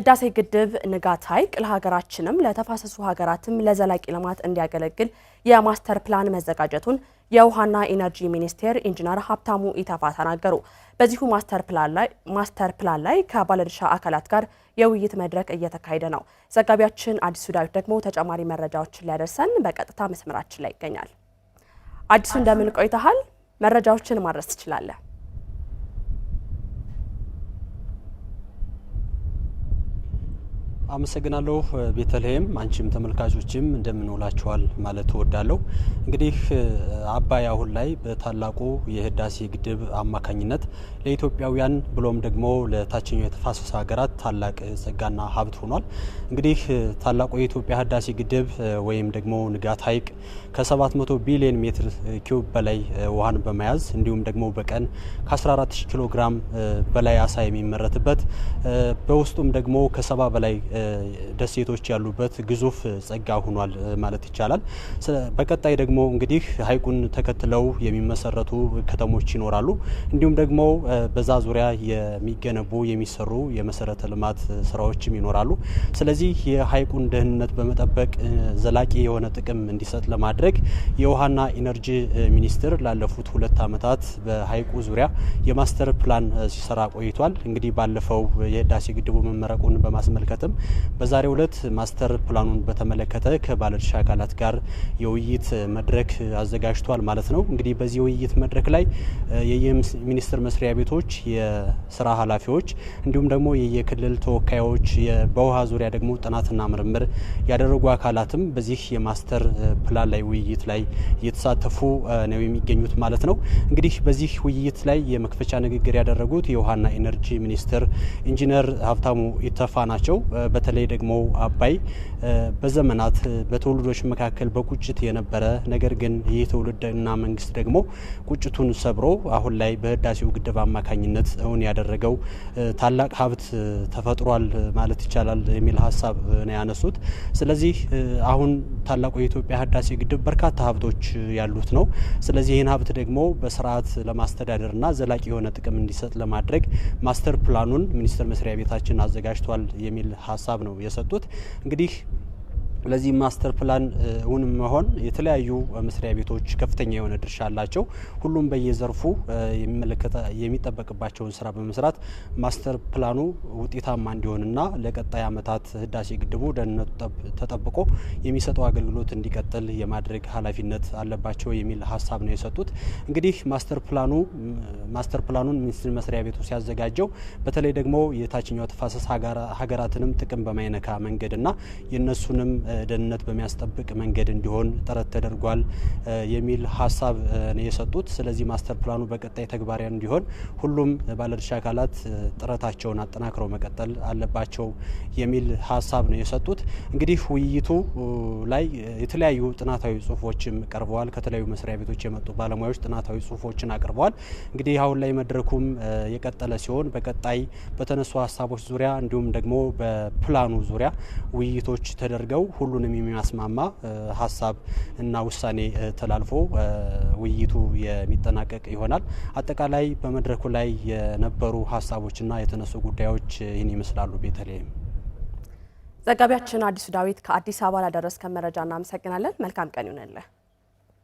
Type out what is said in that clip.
ህዳሴ ግድብ ንጋት ሐይቅ ለሀገራችንም ለተፋሰሱ ሀገራትም ለዘላቂ ልማት እንዲያገለግል የማስተር ፕላን መዘጋጀቱን የውሃና ኢነርጂ ሚኒስቴር ኢንጂነር ሀብታሙ ኢተፋ ተናገሩ። በዚሁ ማስተር ፕላን ላይ ከባለድርሻ አካላት ጋር የውይይት መድረክ እየተካሄደ ነው። ዘጋቢያችን አዲሱ ዳዊት ደግሞ ተጨማሪ መረጃዎችን ሊያደርሰን በቀጥታ መስመራችን ላይ ይገኛል። አዲሱ እንደምን ቆይተሃል? መረጃዎችን ማድረስ ትችላለህ? አመሰግናለሁ ቤተልሔም፣ አንቺም ተመልካቾችም እንደምንውላችኋል ማለት እወዳለሁ። እንግዲህ አባይ አሁን ላይ በታላቁ የህዳሴ ግድብ አማካኝነት ለኢትዮጵያውያን ብሎም ደግሞ ለታችኛው የተፋሰስ ሀገራት ታላቅ ጸጋና ሀብት ሆኗል። እንግዲህ ታላቁ የኢትዮጵያ ህዳሴ ግድብ ወይም ደግሞ ንጋት ሐይቅ ከ700 ቢሊዮን ሜትር ኪዩብ በላይ ውሃን በመያዝ እንዲሁም ደግሞ በቀን ከ14000 ኪሎ ግራም በላይ አሳ የሚመረትበት በውስጡም ደግሞ ከሰባ በላይ ደሴቶች ያሉበት ግዙፍ ጸጋ ሆኗል ማለት ይቻላል። በቀጣይ ደግሞ እንግዲህ ሀይቁን ተከትለው የሚመሰረቱ ከተሞች ይኖራሉ። እንዲሁም ደግሞ በዛ ዙሪያ የሚገነቡ የሚሰሩ የመሰረተ ልማት ስራዎችም ይኖራሉ። ስለዚህ የሀይቁን ደህንነት በመጠበቅ ዘላቂ የሆነ ጥቅም እንዲሰጥ ለማድረግ የውሃና ኢነርጂ ሚኒስቴር ላለፉት ሁለት ዓመታት በሀይቁ ዙሪያ የማስተር ፕላን ሲሰራ ቆይቷል። እንግዲህ ባለፈው የህዳሴ ግድቡ መመረቁን በማስመልከትም በዛሬው ዕለት ማስተር ፕላኑን በተመለከተ ከባለድርሻ አካላት ጋር የውይይት መድረክ አዘጋጅቷል ማለት ነው። እንግዲህ በዚህ የውይይት መድረክ ላይ የየሚኒስትር መስሪያ ቤቶች የስራ ኃላፊዎች እንዲሁም ደግሞ የየክልል ተወካዮች በውሃ ዙሪያ ደግሞ ጥናትና ምርምር ያደረጉ አካላትም በዚህ የማስተር ፕላን ላይ ውይይት ላይ እየተሳተፉ ነው የሚገኙት ማለት ነው። እንግዲህ በዚህ ውይይት ላይ የመክፈቻ ንግግር ያደረጉት የውሃና ኢነርጂ ሚኒስትር ኢንጂነር ሀብታሙ ኢተፋ ናቸው። በተለይ ደግሞ አባይ በዘመናት በትውልዶች መካከል በቁጭት የነበረ ነገር ግን ይህ ትውልድና መንግስት ደግሞ ቁጭቱን ሰብሮ አሁን ላይ በህዳሴው ግድብ አማካኝነት እውን ያደረገው ታላቅ ሀብት ተፈጥሯል ማለት ይቻላል የሚል ሀሳብ ነው ያነሱት። ስለዚህ አሁን ታላቁ የኢትዮጵያ ህዳሴ ግድብ በርካታ ሀብቶች ያሉት ነው። ስለዚህ ይህን ሀብት ደግሞ በስርዓት ለማስተዳደርና ዘላቂ የሆነ ጥቅም እንዲሰጥ ለማድረግ ማስተር ፕላኑን ሚኒስቴር መስሪያ ቤታችን አዘጋጅቷል የሚል ሀሳብ ሀሳብ ነው የሰጡት። እንግዲህ ለዚህ ማስተር ፕላን እውን መሆን የተለያዩ መስሪያ ቤቶች ከፍተኛ የሆነ ድርሻ አላቸው። ሁሉም በየዘርፉ የሚጠበቅባቸውን ስራ በመስራት ማስተር ፕላኑ ውጤታማ እንዲሆንና ለቀጣይ ዓመታት ህዳሴ ግድቡ ደህንነቱ ተጠብቆ የሚሰጠው አገልግሎት እንዲቀጥል የማድረግ ኃላፊነት አለባቸው የሚል ሀሳብ ነው የሰጡት። እንግዲህ ማስተር ፕላኑ ማስተር ፕላኑን ሚኒስትር መስሪያ ቤቱ ሲያዘጋጀው በተለይ ደግሞ የታችኛው ተፋሰስ ሀገራትንም ጥቅም በማይነካ መንገድና የእነሱንም ደህንነት በሚያስጠብቅ መንገድ እንዲሆን ጥረት ተደርጓል የሚል ሀሳብ ነው የሰጡት። ስለዚህ ማስተር ፕላኑ በቀጣይ ተግባራዊ እንዲሆን ሁሉም ባለድርሻ አካላት ጥረታቸውን አጠናክረው መቀጠል አለባቸው የሚል ሀሳብ ነው የሰጡት። እንግዲህ ውይይቱ ላይ የተለያዩ ጥናታዊ ጽሁፎችም ቀርበዋል። ከተለያዩ መስሪያ ቤቶች የመጡ ባለሙያዎች ጥናታዊ ጽሁፎችን አቅርበዋል። እንግዲህ አሁን ላይ መድረኩም የቀጠለ ሲሆን በቀጣይ በተነሱ ሀሳቦች ዙሪያ እንዲሁም ደግሞ በፕላኑ ዙሪያ ውይይቶች ተደርገው ሁሉንም የሚያስማማ ሀሳብ እና ውሳኔ ተላልፎ ውይይቱ የሚጠናቀቅ ይሆናል። አጠቃላይ በመድረኩ ላይ የነበሩ ሀሳቦችና የተነሱ ጉዳዮች ይህን ይመስላሉ። ቤተልሔም፣ ዘጋቢያችን አዲሱ ዳዊት ከአዲስ አበባ ላደረስከን መረጃ እናመሰግናለን። መልካም ቀን ይሁንልህ።